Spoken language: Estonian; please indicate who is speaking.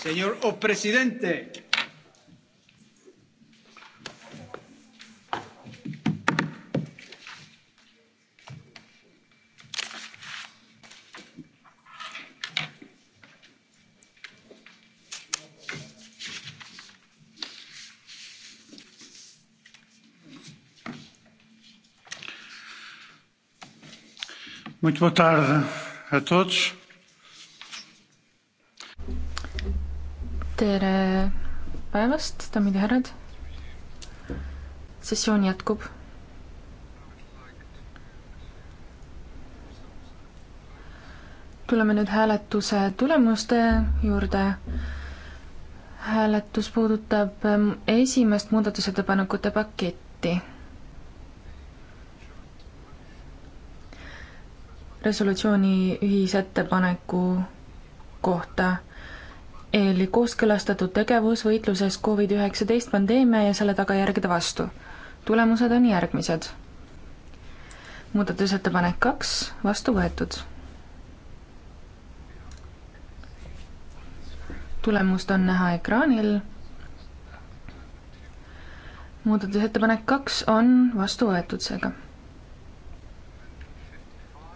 Speaker 1: señor presidente Muito boa tarde a todos. tere päevast, daamid ja härrad. sessioon jätkub. tuleme nüüd hääletuse tulemuste juurde. hääletus puudutab esimest muudatusettepanekute paketti resolutsiooni ühisettepaneku kohta EL-i kooskõlastatud tegevus võitluses Covid-19 pandeemia ja selle tagajärgede vastu. tulemused on järgmised. muudatusettepanek kaks, vastu võetud. tulemust on näha ekraanil muudatusettepanek kaks on vastu võetud seega